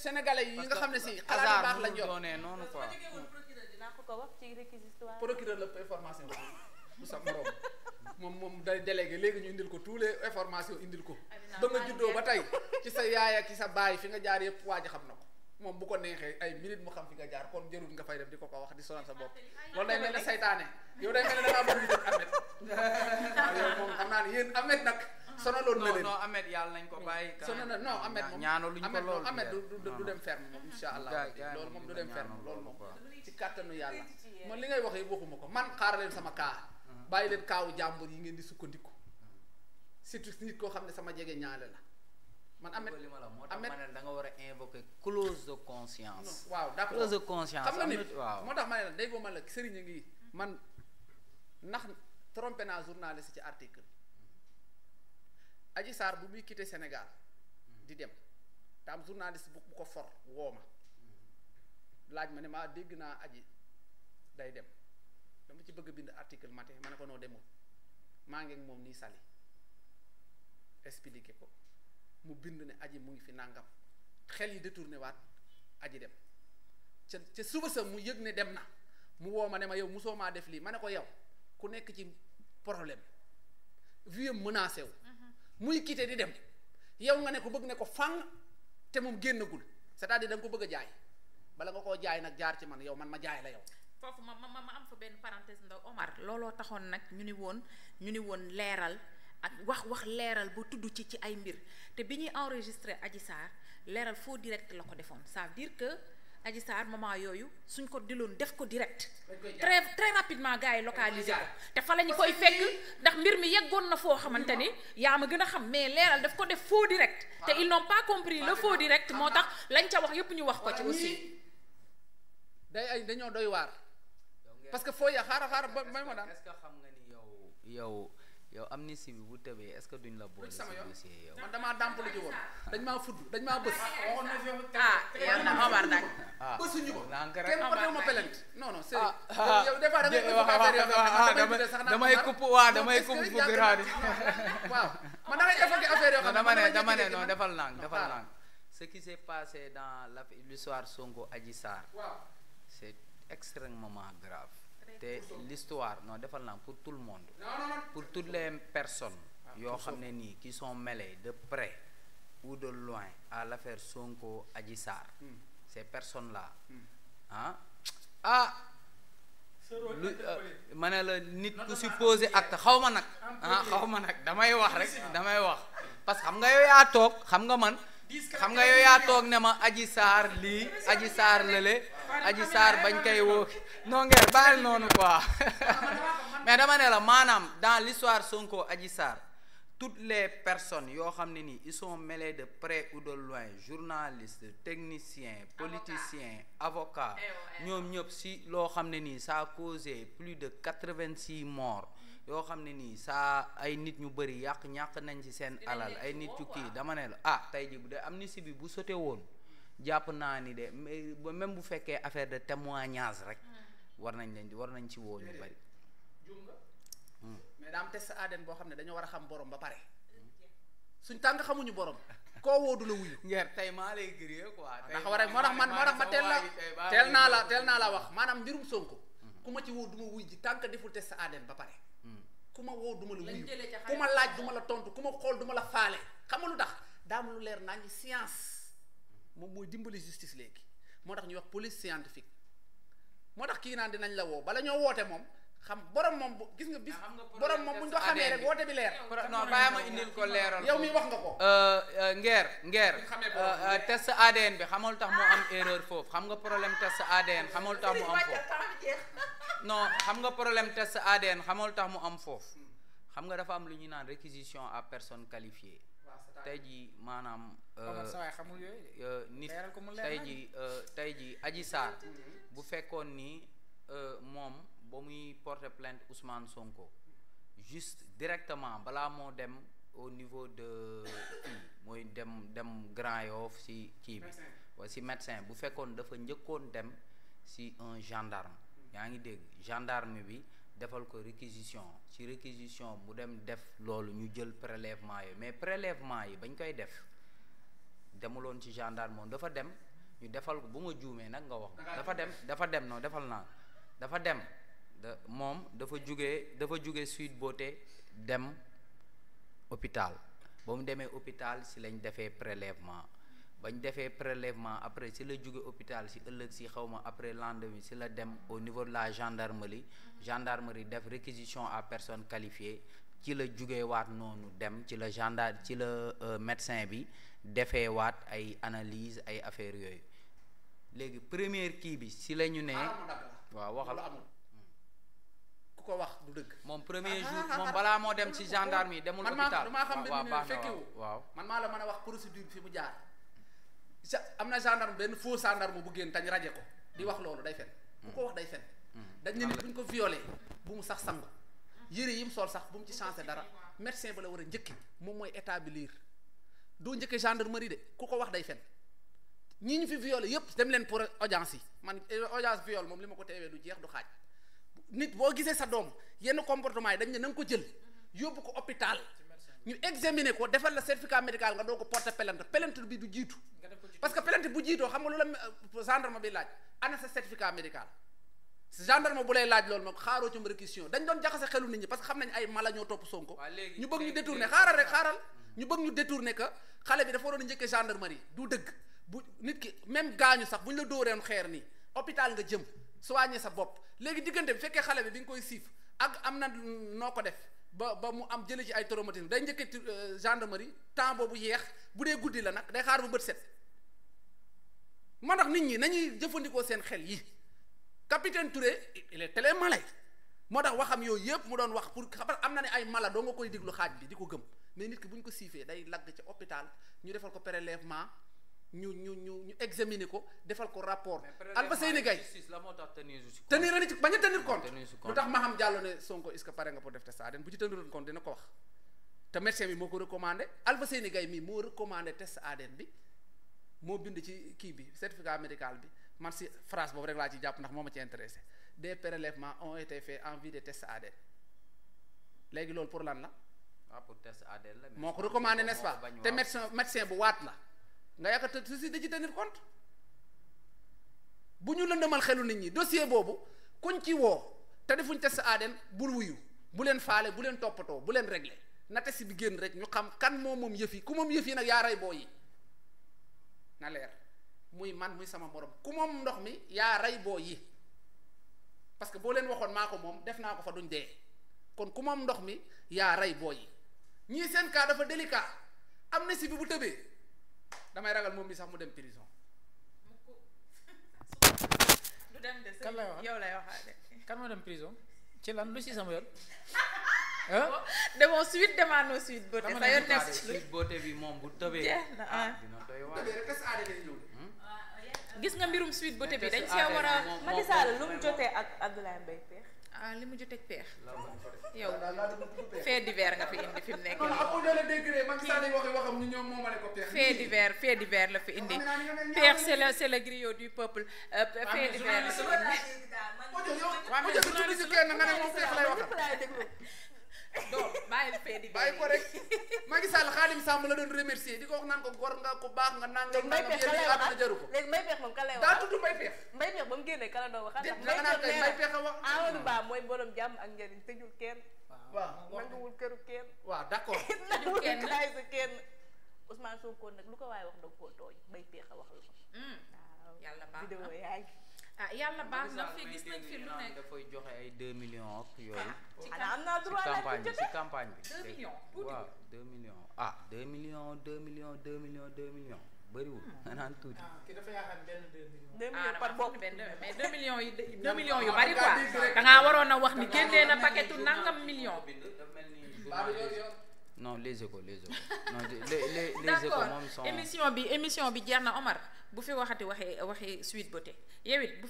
sénégalais yi nga xam ne si xalaat baax lañ yor noonu quoi dinaa ko ko wax ci réquisitoire procureur la information bu sa morom moom moom day délégué léegi ñu indil ko tous les informations indil ko ba nga juddoo ba tey ci sa yaay ak ci sa baay fi nga jaar yëpp waa ji xam na ko moom bu ko neexee ay minute mu xam fi nga jaar kon jarul nga fay dem di ko ko wax di sonal sa bopp loolu day mel ne saytaane yow day mel ne da ngaa bëgg ñu def moom xam naa ne yéen Ahmed nag sono loolu leen non yàlla nañ ko bàyyi. sonaloon non Ahmed moom ñaanaluñ ko lool Ahmed du dem ferme moom incha allah loolu moom du dem ferme loolu moom ci kàttanu yàlla man li ngay wax yëpp waxuma ko man xaar sama kaa hmm. bàyyi leen kaawu jàmbur yi ngeen di sukkandiku surtout nit koo xam ne sama jege ñaale la man Ahmed Ahmed ma ne da nga war a invoquer clause de conscience. waaw d'accord clause de conscience. xam nga ni moo tax ma ne la déggoo ma la sëriñ a ngi man ndax trompé naa journaliste ci article. Adji saar bu muy quitté Sénégal di dem te am journaliste bu ko for woo ma laaj ma ne ma dégg naa Adji day dem dama ci bëgg bind article matin ma ne ko noo demul maa ngi moom nii sali expliqué ko mu bind ne Adji mu ngi fi nangam xel yi détourné waat aji dem ca ca suba sa mu yëg ne dem na mu woo ma ne ma yow musoo maa def lii ma ne ko yow ku nekk ci problème vie menacé wu muy quitté di dem yow nga ne ko bëgg ne ko fang te mu génnagul c'est-à-dire ko bëgg a jaay bala nga koo jaay nag jaar ci man yow man ma jaay la yow. foofu ma ma ma am fa benn parenthèse ndaw Omar looloo taxoon nag ñu ni woon ñu ni woon leeral. ak wax wax leeral ba tudd ci ci ay mbir te bi ñuy enregistré Adji Sarr leeral foo direct la ko defoon saa veut dire que aji Sarr moment yooyu suñ ko diloon def ko direct. très très rapidement gars yi localisé ko. te fa la ñu koy fekk ndax mbir mi yeggoon na foo xamante ni yaa ma gën a xam mais leeral daf ko def foo direct. te ils n'ont pas compris le faux direct moo tax lañ ca wax yëpp ñu wax ko ci aussi. day ay dañoo doy waar. parce que foo ya xaaral xaaral ba may ma daan. est xam nga ni yow yow. yow am amnistie bi bu tëbee est-ce que duñ la boole si dossier yow. man damaa dàmpalu ji woon dañ maa fudd dañ maa bës. ah yal na Omar nag. Ah. Ah, ah, da ngay sax damay kupp waaw damay kupp bu giraani man da ngay évoqué affaire yoo xam ne dama defal langue defal langue ce qui s'est passé dans l'histoire Sonko Adji Sarr c'est extrêmement grave te l'histoire non defal naa pour tout le monde pour toutes les personnes ah, yoo xam ne nii qui sont mêlées de près ou de loin à l'affaire Sonko Adji Sarr hmm. ces personnes là hmm. ah ah lu euh, ne la nit ku supposé acte xaw ma nag ah xaw ma nag damay wax rek damay wax parce que xam nga yow toog xam nga man xam nga yow yaa toog ne ma Adji saar lii Adji Sarr lële aji saar bañ koy woo non ngeen baal noonu quoi mais dama ne la maanaam dans l'histoire Sonko aji saar toutes les personnes yoo xam ne nii ils son mêlés de près ou de loin journalistes techniciens politiciens avocats eh eh ñoom ñëpp si loo xam ne nii ça a causé plus de quatre-vingt-six morts mm. yoo xam ne nii saa ay nit ñu bëri yàq ñàq nañ ci seen alal ay nit ñu kii dama ne la ah tey de am dee si bi bu sote woon jàpp naa ni de même bu fekkee affaire de témoignage rek hmm. war nañ leen di war nañ ci woo ñu bari hmm. mais daa am test boo xam ne dañoo war a xam borom ba pare suñ tàng xamuñu borom koo woo la wuyu. tey maa lay gré quoi. Ah, ndax war a moo tax man moo ma teel teel naa la teel naa la wax maanaam mbirum Sonko. Hmm. ku ma ci woo du ma wuyu ji tànk deful test ADN ba pare. ku ma woo du ma la wuyu ku ma laaj du ma la tontu ku ma xool duma la faale xam nga lu tax daa leer naa ñu science. moom mooy dimbali justice léegi moo tax ñuy wax police scientifique moo tax kii naan dinañ la woo bala ñoo woote moom xam borom moom bu gis nga bis ah, borom moom bu ñu ko xamee rek woote bi leer. non bàyyi indil ko leeral. yow mi wax nga ko. Euh, euh, ngeer ngeer euh, test ADN bi xamul tax mu am erreur foofu xam nga problème test ADN xamul tax mu am foofu. non xam nga problème test ADN xamal tax mu am foofu. Hmm. xam nga dafa am lu ñuy naan réquisition à personne qualifiée. tey jii maanaam. xamul yooyu euh, nit tey ji euh, tey ji aji Sarr bu fekkoon ni euh, moom ba muy porte plainte Ousmane Sonko juste directement balaa moo dem au niveau de kii mooy dem dem Grand Yoff si kii bi wa si médecin bu fekkoon dafa njëkkoon dem si un gendarme yaa ngi dégg gendarme bi defal ko réquisition ci réquisition mu dem def loolu ñu jël prélèvement yi mais prélèvement yi bañ koy def demuloon ci gendarme moom dafa dem ñu defal ko bu ma juumee nag nga wax dafa dem dafa dem non defal naa dafa dem da moom dafa jugee dafa jóge Sweet boote dem hôpital ba mu demee hôpital si lañ defee prélèvement bañ defee prélèvement après si la jóge hôpital si ëllëg si xawma après lendemain si la dem au niveau de la gendarmerie gendarmerie def réquisition à personne qualifiée ci la jóge waat noonu dem ci la gendarme ci la euh, médecin bi defee waat ay analyse ay affaires yooyu léegi première kii bi si la ñu ne waaw waxal hmm. ku ko wax du dëgg moom premier ah, jour ah, ah, moom balaa moo dem ci gendarme yi demul hôpital man maa la mën a wax procédure fi mu jaar am na gendarme benn faux gendarme bu génn tañ raje ko di wax loolu day fen bu ko wax day fen mm. dañ ne nit bu ñu ko violé bu mu sax sangu yére yi mu sol sax bu mu ci changé dara médecin ba la war a njëkki moom mooy établir doo njëkkee gendarmerie de ku ko wax day fen ñi ñu fi violé yépp dem leen pour audience yi man eh, audience viol moom li ma ko teewee du jeex du xaaj nit boo gisee sa doom yenn comportement yi dañ ne na ko jël yóbbu ko hôpital ñu examiner ko defal la certificat médical nga doog ko porter plainte plainte bi du jiitu. parce que plainte bu jiitoo xam nga lu la euh, gendarme bi laaj ana sa certificat médical. gendarme bu lay laaj loolu moom xaaroo ci réquisition dañ doon jaxase xelu nit ñi parce que xam nañ ay mala ñoo topp Sonko ñu bëgg ñu détourné xaaral rek xaaral ñu bëgg ñu détourné que xale bi dafa waroon a njëkkee gendarmerie du dëgg bu nit ki même gaañu sax bu ñu la dóoreen xeer nii hôpital nga jëm soigné sa bopp léegi diggante bi fekkee xale bi bi nga koy siif ak am noo ko def ba ba mu am jële ci ay traumatisme day njëkkati euh, gendarmerie temps boobu yeex bu dee guddi la nag day xaar ba bët set man ndax nit ñi nañuy jëfandikoo seen xel yi capitaine ture il tele tellement malade moo tax waxam yooyu yëpp mu doon wax pour xamal am na ne ay mala doo nga koy diglu xaaj bi di ko gëm mais nit ki bu ñu ko siifee day lagg ci hôpital ñu defal ko prélèvement ñu ñu ñu ñu examiner ko defal ko rapport. Alfayda Gaye la moo tax tenir ci compte bañ a tenir compte. lu tax ma xam jàllo ne Sonko est-ce que pare nga pour def test ADN bu ci teniroon compte dina ko wax. te médecin bi moo ko recommandé Alfayda moo bind ci kii bi certificat médical bi man si phrase boobu rek ci jàpp ndax moo ma ci intéressé des prélèvements ont été faits en vue pour lan la. waaw ah, pour test moo ko recommandé n'est-ce pas te médecin médecin bu waat la. nga yaakaar te ceci da ci tenir compte bu ñu lëndamal xelu nit ñi dossier boobu kuñ ci woo te defuñ test ADN bul wuyu bu leen faale bu leen toppatoo bu leen regle na test bi génn rek ñu xam kan moom moom yëf ku moom yëf nag yaa rey boo yi na leer muy man muy sama borom ku moom ndox mi yaa rey boo yi parce que boo leen waxoon maa ko moom def naa ko fa duñ dee kon ku moom ndox mi yaa rey boo yi ñii seen cas dafa na si bi bu tëbee. damay ragal moom bi sax mu dem prison. de kan yow lay waxaat kan moo dem prison ci lan lu si sama yoon. demoo suite demaanoo suite beauté sa yoon nekk ci suite beauté bi moom bu tëbee. jeex na ah, ah. dina hmm? gis nga mbirum suite beauté bi dañ cee war a Macky Sall jotee ak Abdoulaye Mbaye Pekh ah li mu joteeg peex. fait divers nga fi indi fi nekk. ma ne ko peex. fait divers fait divers la fi indi. peex c'est le c'est le griot du peuple. Euh, fait divers la fi indi. waaw mais journaliste la donc bàyyil fee di bàyyi ko rek Macky Sall Khadim Samb la doon remercier di ko wax naan ko góor nga ko baax nga naan nga naan yéen ñi àdduna jaru ko léegi mbay peex moom kan lay wax daa tudd mbay peex mbay peex ba mu génnee kan la doon wax la naan kay mbay peex a wax Amadou Ba mooy borom jàmm ak njëriñ tëjul kenn waaw nanguwul këru kenn waaw d'accord tëjul kenn laay sa kenn Ousmane Sonko nag lu ko waaye wax danga koo tooñ mbay peex a wax la ko hmm. waaw yàlla baax vidéo yaa ngi ah yàlla baax na fi gis nañ fi lu nekk dafay joxe ay 2 millions ak yooyu. ci campagne bi ci campagne bi. 2 millions waaw 2 millions ah 2 millions 2 millions 2 millions 2 millions bëriwul. nga naan tuuti. ki dafa millions. 2 millions par bopp benn mais 2 millions yu bari quoi waroon a wax ni génnee na paquetu nangam millions. non les échos les échos non les les moom sont émission bi émission bi jeex na Omar bu fi waxati waxee waxi Sweet Beauté yow bu fi